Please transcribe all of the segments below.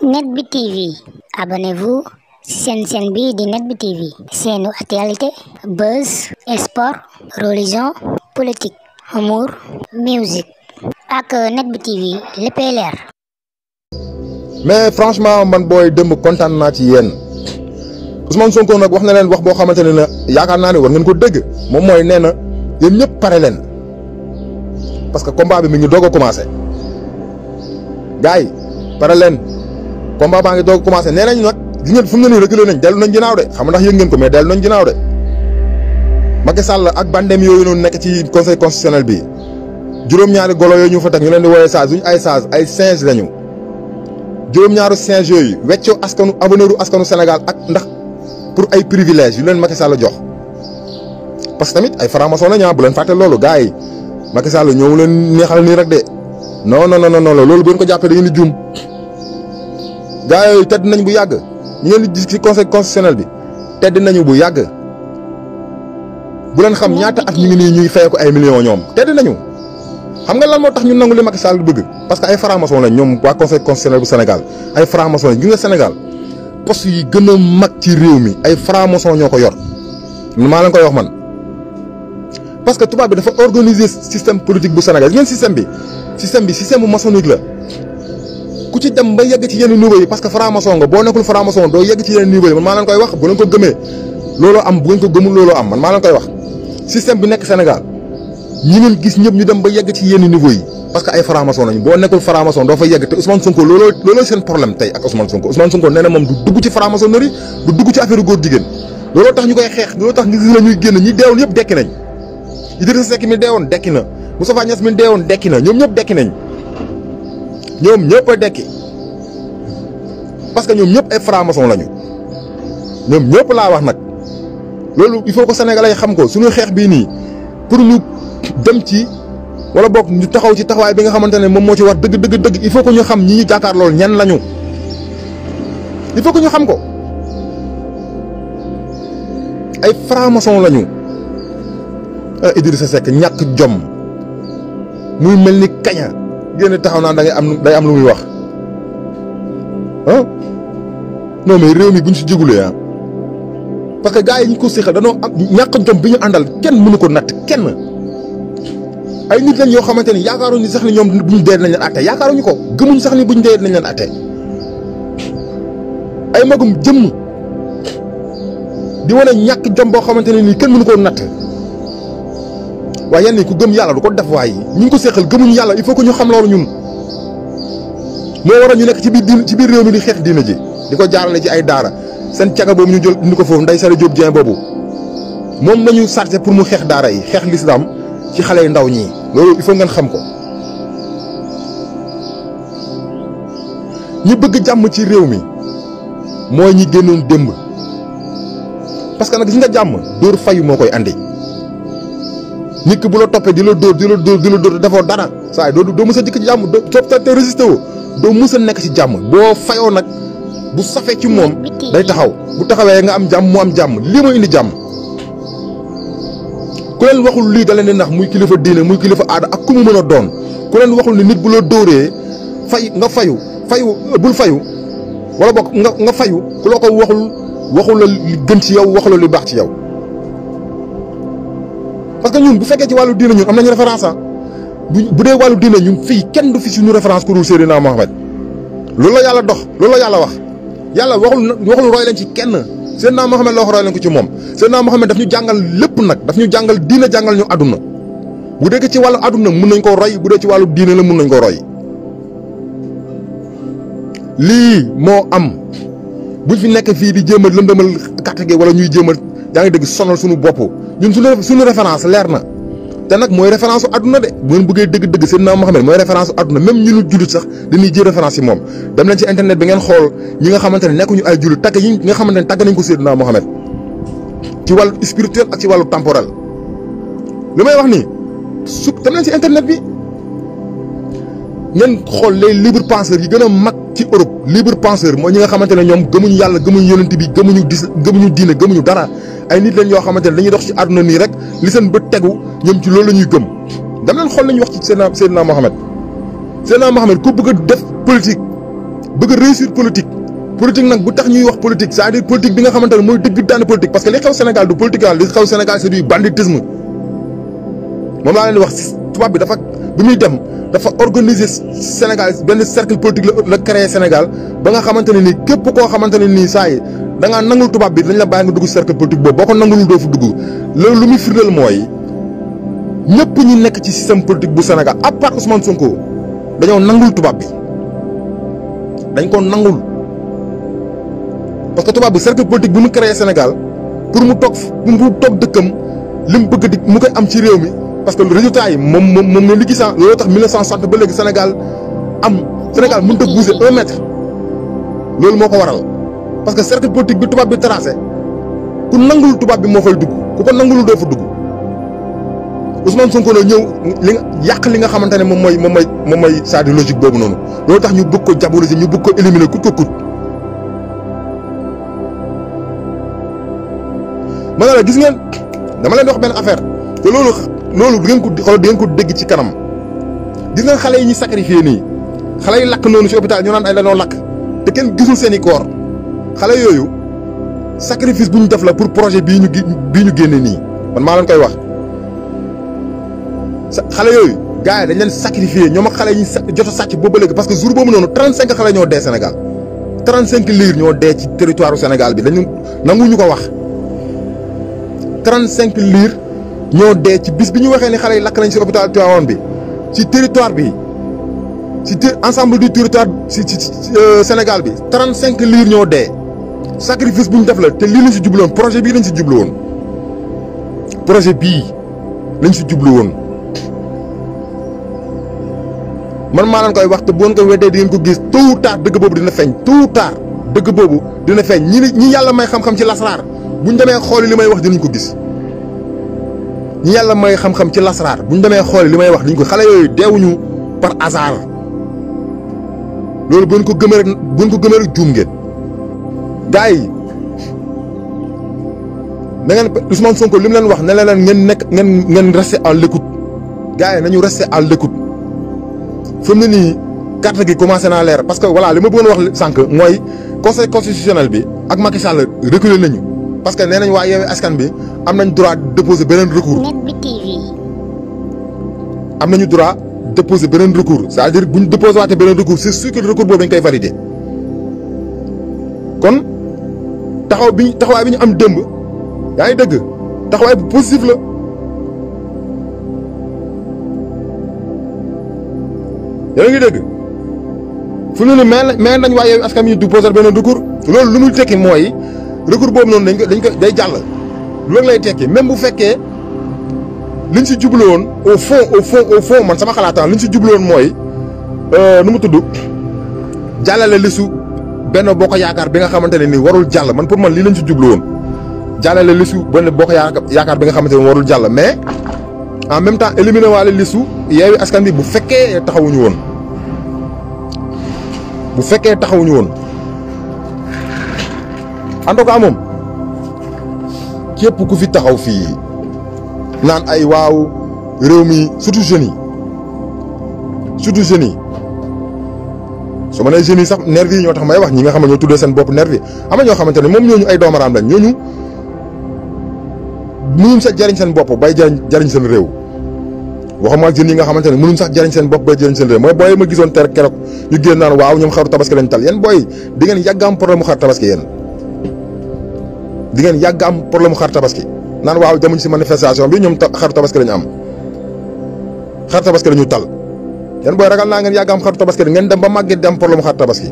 net bi tv abonnez-vous seen seen bi di net bi tv seenu actualité buzz sport religion politique humour musique ak net bi tv léppay leer mais franchement man booy dëmb kontaan naa ci yéen Ousmane Sonko nag wax na leen wax boo xamante ne na yaakaar naa ne war ngeen ko dégg moom mooy neena na yéen pare leen parce que combat bi mi ngi doog a commencé gars pare leen combat baa ngi doog commencé nee nañ nag gis ngeen fu mu ne nii reculé nañ dellu nañ ginnaaw de xam ndax yëg ko mais dellu nañ ginnaaw de Macky Sall ak bandem yooyu noonu nekk ci conseil constitutionnel bi juróom-ñaari golo yooyu ñu fa teg ñu leen di woowee sage duñ ay sage ay singe lañu juróom-ñaaru singe yooyu weccoo askanu aboneeru askanu Sénégal ak ndax pour ay privilèges yu leen Macky Sall jox parce que tamit ay franc-maçon la ñaa ah, bu leen fàtte loolu gars yi Macky Sall ñëw leen neexal nii rek de non non non non loolu bu ko jàppee da ngeen gaa yooyu tedd nañ bu yàgg ñu ngeen di ci conseil constitutionnel bi tedd nañu bu yàgg bu leen xam ñaata at ñu ngi nii ñuy fay ko ay millions ñoom tedd nañu. xam nga lan moo tax ñu nangu li Macky Sall bëgg parce que ay franc-maçon lañ ñoom waa conseil constitutionnel bu Sénégal ay franc-maçon gën mag ci réew mi ay franc ñoo ko yor maa leen koy yox man. parce que tubaab bi dafa organiser système politique bu Sénégal ngeen système bi système bi système bu maçonnique la. ku ci dem ba yegg ci yenn niveau yi parce que franc-maçon nga boo nekkul franc-maçon doo yegg ci yenn niveau yi man maa leen koy wax bu leen ko gëmee looloo am bu ngeen gëmul looloo am man maa leen koy wax système bi nekk Sénégal ñi ngeen gis ñëpp ñu dem ba yegg ci yenn niveau yi parce ay franc-maçon boo nekkul franc doo fa yegg te Ousmane Sonko looloo looloo seen problème tey ak Ousmane Sonko Ousmane Sonko nee moom du dugg ci franc-maçonnerie du dugg ci affaire ñoom ñëpp a dekki parce que ñoom ñëpp ay franc lañu ñoom ñëpp laa wax nag loolu il ko senegal ay xam ko suñu xeex bii nii pour ñu dem ci wala bokk ñu taxaw ci taxawaay bi nga xamante ne moom moo ci war dëgg dëgg dëgg il faut que ñu xam ñi ñu jàkkaar loolu ñan lañu il faut que ñu xam ko ay franc-maçon lañu ah Idrissa Seck ñàkk jom muy mel ni kaña. génn taxaw naan da am day am lu muy wax ah réew mi buñ si jégulee ah parce que gars yi ñu ko seqal danoo am ñàkk jom bi ñu àndal kenn mënu koo natt kenn ay nit lañ yoo xamante ni ñu sax ni ñoom ñu dee nañ leen àtte yaakaaruñu ko gëmuñ sax ni buñ dee nañ leen àtte ay magum jëmm di wane ñàkk jom boo xamante ne nii kenn mënu ko natt. waaye yenn yi ku gëm yàlla du ko def waaye ñi ngi ko seqal gëmuñu yàlla il faut que ñu xam loolu ñun moo waral ñu nekk ci biir diin ci biir réew mi di xeex diina ji di ko jaarale ci ay daara seen caga boobu ñu jël indi ko foofu nday sara Diop Dieng boobu moom la ñu pour mu xeex daara yi xeex lislaam ci xale yu ndaw ñi loolu il faut ngeen xam ko. ñi bëgg jàmm ci réew mi mooy ñi génnoon démb parce que nag gis nga jàmm dóor fayu moo koy andi. nit ki bu la toppee di la dóor di la dóor di la defoo dara saa yi doo doo mës a dikk ci jàmm doo te résisté woo doo mës a nekk ci jàmm boo fayoo nag bu safee ci moom day taxaw bu taxawee nga am jàmm mu am jàmm lii mooy indi jàmm. ku leen waxul lii da leen di nax muy kilifa diine muy kilifa aada ak ku mu mën a doon ku leen waxul ni nit bu loo dóoree fay nga fayu fayu bul fayu wala bokk nga nga fayu ku la ko waxul waxul la li gën ci yow waxul la lu baax ci yow. parce que ñun bu fekkee ci wàllu diine ñun am nañu référence ah bu bu dee wàllu diine ñun fii kenn du fi suñu référence ku dul Seydina Mohamed loolu la yàlla dox loolu la yàlla wax yàlla waxul waxul roy leen ci kenn Seydina Mohamed la wax roy leen ko ci moom Seydina Mohamed daf ñu jàngal lépp nag daf ñu jàngal diine jàngal ñu àdduna bu dee ci wàllu àdduna mun nañ koo roy bu dee ci wàllu diine la mun nañ koo roy lii moo am buñ fi nekk fii di jéem a lëndëmal kàtt gi wala ñuy jéem yaa ngi dégg sonal suñu bopp ñun suñu suñu référence leer na te nag mooy référence su àdduna de bu ngeen bëggee dëgg-dëgg Seydina Mohamed mooy référence su àdduna même ñunu jullit sax dañuy jël référence yi dem leen ci internet bi ngeen xool nga xamante ne nekkuñu ay jullit tagg yi nga xamante ne tagg nañ ko Seydina Mohamed ci wàllu spirituel ak ci wàllu temporel lu may wax nii su dem leen ci internet bi ngeen xool les libre penseurs yi gën a mag ci Europe libre penseur mooy ñi nga xamante ne ñoom gëmuñu yàlla gëmuñu yonent bi gëmuñu dis gëmuñu diine gëmuñu dara ay nit lañ yoo xamante dañuy dox ci àdduna nii rek li seen bët tegu ñoom ci loolu la ñuy gëm. dam leen xool nañu wax ci Seydina Seydina Mohamed Seydina Mohamed ku bëgg a def politique bëgg a réussir politique politique nag bu tax ñuy wax politique c'est-à-dire bi nga xamante ne mooy dëgg daane politique parce que li xew Sénégal du politique ah, li xew Sénégal c'est du banditisme moom laa leen wax dafa bi muy dem dafa organiser Sénégal benn cercle politique la la créé Sénégal ba nga xamante ne nii képp koo xamante ne nii saa yi da ngaa nangul tubaab bi dañ la bàyyi nga dugg cercle politique boobu boo ko nangulul doo fa dugg loolu lu muy firndeel mooy ñëpp ñi nekk ci système politique bu Sénégal à part Ousmane Sonko dañoo nangul tubaab bi dañ ko nangul parce que tubaab bi cercle politique bu mu créé Sénégal pour mu toog pour mu toog dëkkam li mu di mu koy am ci réew mi. parce que résultat yi moom moom moom li gis ah looloo tax 1960 ba léegi Sénégal am Sénégal mënut a bouger un mètre loolu moo ko waral parce que cercle politique bi tubaab bi tracé ku nangul tubaab bi moo fay dugg ku ko nangul doo fa dugg Ousmane Sonko nag ñëw yàq li nga xamante ne moom mooy moom mooy moom mooy cest boobu noonu loolu tax ñu bëgg ko si ñu bugg ko éliminer kut ko kut. ma ne gis ngeen dama leen dox benn affaire te loolu. loolu di ngeen ko di ngeen ko dégg ci kanam gis nga xale yi ñu sacrifié nii xale yi lakk noonu ci hôpital ñu naan ay dañoo lakk te kenn gisul seen i koor xale yooyu sacrifice bu ñu def la pour projet bii ñu bii ñu génne nii man maa leen koy wax sa xale yooyu gars yi dañ leen sacrifié ñoo ak xale yi jot a sàcc boobu ba léegi parce que jour boobu noonu 35 xale ñoo dee Sénégal 35 liir ñoo dee ci territoire Sénégal bi dañu nanguñu ko wax 35 liir. ñoo dee ci bis bi ñu waxee ne xale yi lakk nañ si hôpital Tivaouane bi ci territoire bi ci ensemble du territoire si euh, Sénégal bi trente cinq liir ñoo dee sacrifice bu ñu def la te lii lañ si jublu woon projet bii lañ si jublu woon projet bii si jublu woon man maa leen koy wax te bu ngeen ko weddee di ngeen ko gis tôt ou dëgg boobu dina feeñ tôt ou tard dëgg boobu dina feeñ ñi ñi yàlla may xam-xam ci lasaraar buñ demee xooli li may wax dinañ ko gis. ñi yàlla may xam-xam ci lasraar bu ñu demee xoole li may wax dañ ko xale yooyu deewuñu par hasard loolu buñ ko gëmee rek buñ ko gëmee rek juum ngeen gars yi na ngeen Ousmane Sonko li mu leen wax ne leen ngeen nekk ngeen ngeen resté à l'écoute gars yi nañu resté à l'écoute fi mu ne nii carte gi commencé naa leer parce que voilà li ma bëggoon wax sànq mooy conseil constitutionnel bi ak Macky Sall reculé nañu. parce que nee nañ waa askan bi am nañ droit déposer beneen recours. am nañu droit déposer beneen recours c'est-à-dire bu ñu déposé waatee beneen recours c'est sûr que recours boobu dañ koy valider kon taxaw bi taxawaay bi ñu am démb yaa ngi dëgg taxawaay bu positif la. yaa ngi dégg fu ne nii mais nañ waa Yewwi askan bi ñu déposer beneen recours loolu lu muy tekki mooy. recours boobu noonu dañ ko dañ ko day jàll loolu lay tekki même bu fekkee liñ si jublu woon au fond au fond man sama xalaataan liñ si jublu mooy euh, nu mu tudd jàllale lissu benn boo ko yaakaar bi nga xamante ne ni warul jàll man pour man lii lañ si jublu woon jàllale lisu benn boo ko yaakaar bi nga xamante ne warul jàll mais en même temps éliminer waale lisu yeewi askan bi bu fekkee taxawuñu woon bu fekkee taxawuñu woon. en tout cas moom képp ku fi taxaw fii naan ay waaw réew mi surtout jeunes yi surtout jeunes yi su ma nee jeunes yi sax nervi yi ñoo tax may wax ñi nga xam ne ñoo tuddee seen bopp nervi am na ñoo xamante ne moom ñooñu ay doomaraam lañ ñooñu mënuñ sax jariñ seen bopp bay jariñ jariñ seen réew waxuma ak jeunes yi nga xamante ne mënuñ sax jariñ seen bopp bay jariñ seen réew mooy booy ma gisoon ter keroog ñu génn naan waaw ñoom xaru tabaski lañ tal yéen booy di ngeen yàgg mu xaru tabaski di ngeen yàgg am problème xar tabaski naan waaw demuñ si manifestation bi ñoom xaru tabaski la ñu am xar tabaski la ñu tal yéen booy ragal naa ngeen yàgg am xaru tabaski ngeen dem ba màggee di am problème xar tabaski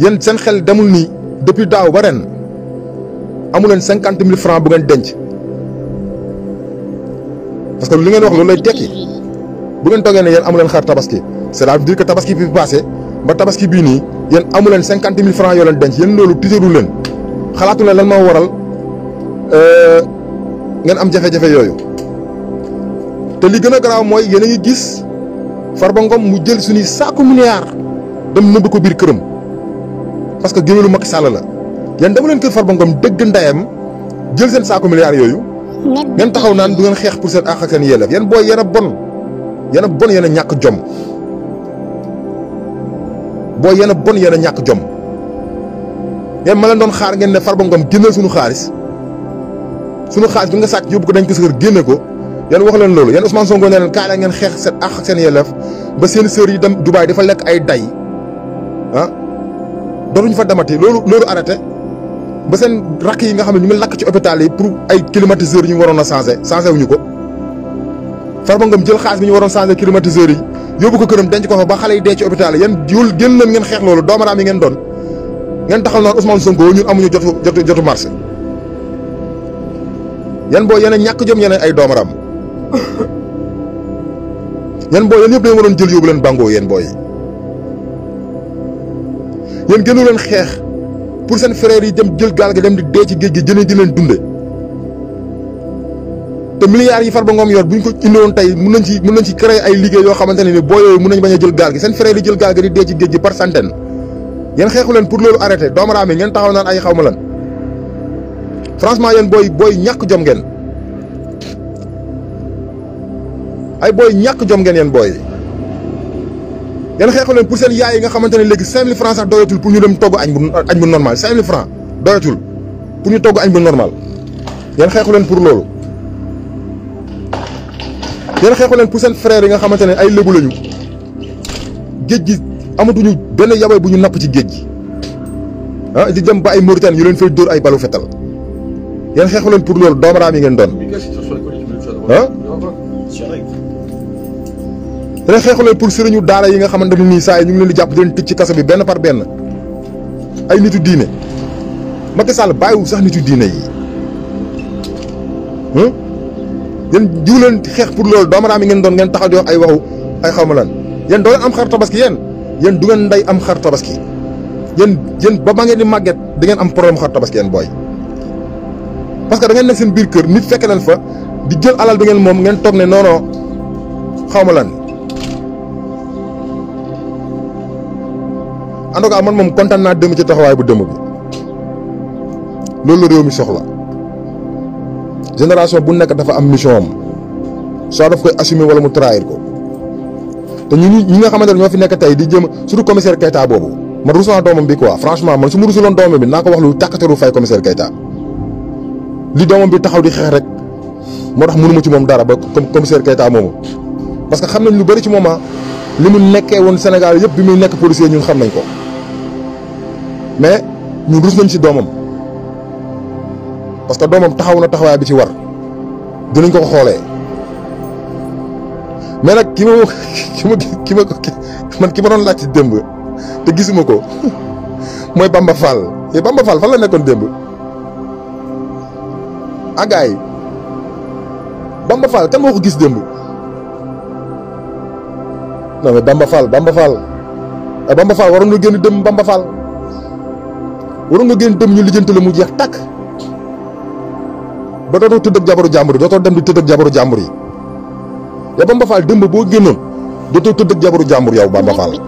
yéen seen xel demul nii depuis daaw ba ren amu leen cinquante mille francs bu ngeen denc parce que li ngeen wax loolu lay tekki bu ngeen toogee ne yéen amu leen xar tabaski cela veut dire que bi passé ba tabaski bii nii yéen amu leen cinquante mille francs yoo leen denc yéen loolu tiitaru leen. xalaatu la lan moo waral euh, ngeen am jafe-jafe yooyu te li gën a garaaw mooy yéen a ngi gis Farba mu jël suñuy saaku milliard dem nëbb ko biir këram parce que géwélu Macky Sall la yéen dama leen kër Farba Ngom dëgg ndayam jël seen saaku milliards yooyu. ngeen taxaw naan du ngeen xeex pour seen àq ak seen yelleef yéen booy yéen a bon yéen a bon ñàkk jom booy yen a bon yéen a ñàkk jom. yéen ma leen doon xaar ngeen ne Farba Ngom génnal suñu xaalis sunu xaalis bi nga sàcc yóbbu ko dañ ko sa kër génne ko yéen wax leen loolu yéen Ousmane Sonko ne leen kaay la ngeen xeex seen àq seen yelleef ba seen sœur yi dem Dubaay dafa lekk ay day ah dootuñu fa demati loolu loolu arrêté ba seen rakk yi nga xam ne ñu ngi lakk ci hôpital yi pour ay climatiseurs yi ñu waroon a changé changé wuñu ko Farba Ngom jël xaalis bi ñu waroon changé climatiseurs yi yóbbu ko këram denc ko fa ba xale yi dee ci hôpital yi yéen yul génn leen ngeen xeex loolu yi ngeen doon ngeen taxaw naan Ousmane Sonko ñun amuñu jotu jotu jotu marché yan boo yeneen ñàkk jom yeneen ay doomaram yan boo yéen yëpp dañu waroon jël yóbbu leen bàngoo yéen booy yéen gënu leen xeex pour seen frères yi dem jël gaal gi dem di dee ci géej gi jëlee di leen dunde te milliards yi Farba Ngom yor bu ñu ko indiwoon tey mun nañ ci mun nañ ci créer ay liggéey yoo xamante ni boo yooyu mun nañ bañ a jël gaal gi seen frères yi jël gaal gi di ci géej gi par centaine yéen xeexu leen pour loolu arrêté doomaraam yi ngeen taxaw naan ay xaw ma lan franchement yéen booy booy ñàkk jom ngeen ay booy ñàkk jom ngeen yéen booy yéen xeexu leen pour seen yaay yi nga xamante ne léegi 5000 francs sax doyatul pour ñu dem togg añ bu añ bu normal 5000 francs doyatul pour ñu togg añ bu normal yéen xeexu leen pour loolu yéen xeexu leen pour seen frères yi nga xamante ne ay lébu lañu géej gi. amatuñu benn yabay bu ñu napp ci géej gi ah di dem ba ay Mauritanie ñu leen fay dóor ay balu fetal yéen xeexu leen pour loolu doomaraam yi ngeen doon ah. yéen xeexu leen pour sëriñu daara yi nga xamante ne nii saa yi ñu ngi leen di jàpp di leen tëj ci kaso bi benn par benn ay nitu diine Macky Sall bàyyiwul sax nitu diine yi hmm? yéen jiw leen xeex pour loolu doomaraam yi ngeen doon ngeen taxaw di wax ay waxu ay xaw ma lan yéen doo leen am xar tabaski yéen. yéen du ngeen nday am xar tabaski yéen yéen ba ba ngeen di màgget da ngeen am problème xar tabaski yéen booy. parce que da ngeen nekk seen biir kër nit fekk neen fa di jël alal bi ngeen moom ngeen toog ne non non lan. en tout cas man moom kontaan naa dem ci taxawaay bu dëmm bi loolu réew mi soxla génération bu nekk dafa am mission am soo daf koy assume wala mu trahir ko. te ñu ñi nga xamante ne ñoo fi nekk tey di jëm surtout commissaire Keita boobu man rusu naa doomam bi quoi franchement man su ma rusuloon doomam bi naa ko wax lu tàkkateru fay commissaire Keita li doomam bi taxaw di xeex rek moo tax mënuma ci moom dara ba comme commissaire Keita moomu parce que xam nañ lu bëri ci moom ah li mu nekkee woon Sénégal yëpp bi muy nekk policier ñun xam nañ ko mais ñun rus nañ ci doomam parce que doomam taxaw na taxawaay bi ci war dinañ ko ko xoolee ki ma ki ma ki ma ki ma doon laaj ci démb te gisuma ko mooy Bamba Fall te Bamba Fall fan la nekkoon démb ah gars yi Bamba Fall ko gis démb non mais eh, Bamba Fall waroon nga génn dem Bamba Fall waroon nga génn dem ñu lijjanti la mu jeex takk ba dootoo tëdd ak jabaru jàmbur yi dootoo dem di tëdd jabaru jàmbur yi. yow Bamba Fall dëmb boo génnoon dootoo tëdd jabaru jàmbur yow Bamba Fall.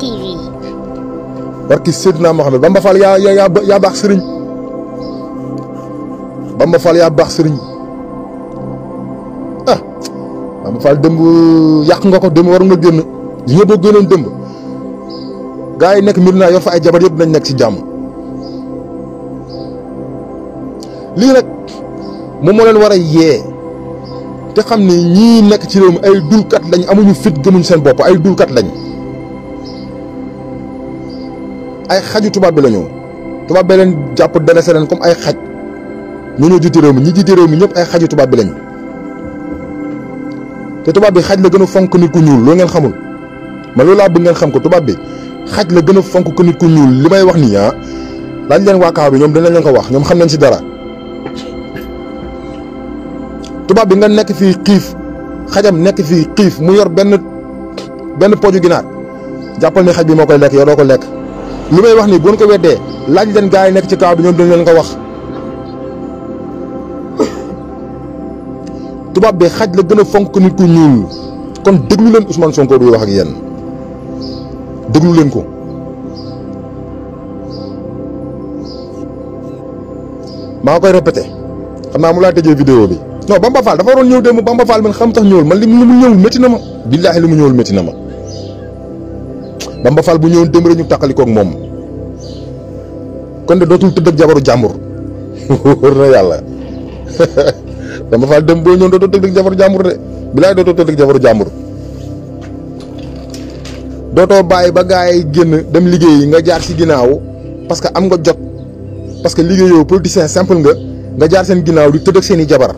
barki Seydina Mohamed Bamba Fall yaa yaa yaa baax sëriñ Bamba Fall yaa baax sëriñ ah Bamba dëmb yàq nga ko dëmb war nga génn li nga boo génnoon dëmb gaa yi nekk mbir naa yor fa ay jabar yëpp nañ nekk ci jàmm lii nag moom moo leen war a yee. te xam ne ñii nekk ci réew mi ay dulkat lañu amuñu fit gëmuñ seen bopp ay dulkat lañ ay xaju tubaab bi la ñu tubaab bi jàpp délaissé leen comme ay xaj ñu ñoo jiite réew mi ñi réew mi ñëpp ay xaju bi lañ te bi xaj la gën a fonk nit ku ñuul loo ngeen xamul ma loolu laa bëgg ngeen xam ko tubaab bi xaj la gën a fonk nit ku ñuul li may wax nii ah laaj leen waa bi ñoom dinañ leen ko wax ñoom xam nañ si dara. tubaab bi nga nekk fii xiif xajam nekk fii xiif mu yor benn benn poju ginaar jàppal ne xaj bi moo koy lekk yoroo ko lekk li may wax nii bu ko weddee laaj leen gars yi nekk ci kaw bi ñoom dañ leen ko wax. tubaab bi xaj la gën a fonk nit ku ñuul kon déglu leen Ousmane Sonko du wax ak yéen déglu leen ko. maa koy répété xam naa mu laa tëjee vidéo bi. non Bamba Fall dafa waroon ñëw démb Bamba Fall man xam tax ñëwul man li mu ñëwul métti na ma billaahi li mu ñëwul métti na ma Bamba Fall bu ñëwoon démb rek ñu tàqalikoog moom kon de dootul tëdd ak jabaru jàmbur wóor na yàlla boo ñëwoon dootul tëdd ak jabaru de billaahi dootul tëdd ak jabaru jàmbur dootoo bàyyi ba gaa yi génn dem liggéeyi nga jaar ci ginnaaw parce que am nga jot parce que liggéeyoo politicien simple nga nga jaar seen ginnaaw di tëdd ak seen i jabar.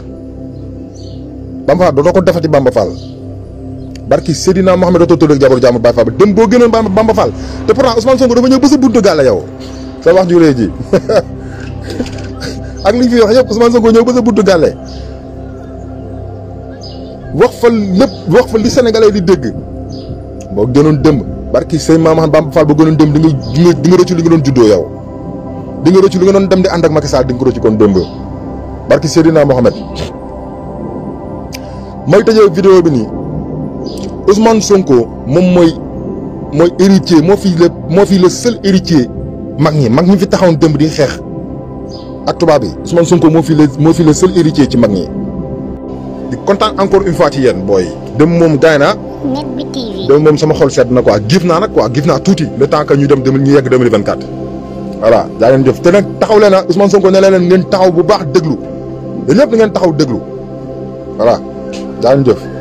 Bamba Fall dootoo ko defati Bamba Fall barki Seydina Mohamed dootoo tudd ak jabaru jàmbur Baye Fall dem boo gënoon Bamba Fall te pourtant Ousmane Sonko dafa ñëw ba sa buntu gàll yow sa wax ju rëy ji ak li ñu fi wax yëpp Ousmane Sonko ñëw ba sa buntu wax fa lépp wax fa li sénégalais di dégg boo gënoon dem barki sëñ maam xam Bamba Fall boo gënoon dem di nga di nga di nga li nga doon juddoo yow di li nga doon dem di ànd ak Macky Sall di ko rëccu kon démb barki Seydina Mohamed may tëjee vidéo bi nii Ousmane Sonko moom mooy mooy héritier moo fi le moo fi le seul héritier mag ñi mag ñi fi taxawoon dëmb di xeex ak tubaab yi Ousmane Sonko moo fi le moo fi le seul héritier ci mag ñi. di kontaan encore une fois ci yéen booy. dem moom gaay naa. Net Bi moom sama xol sedd na quoi giif naa nag quoi giif naa tuuti le temps que ñu dem dem ñu yegg 2024. voilà daa leen jëf te nag taxaw leen ah Ousmane Sonko ne leen ngeen taxaw bu baax déglu yéen ñëpp taxaw déglu daan jëf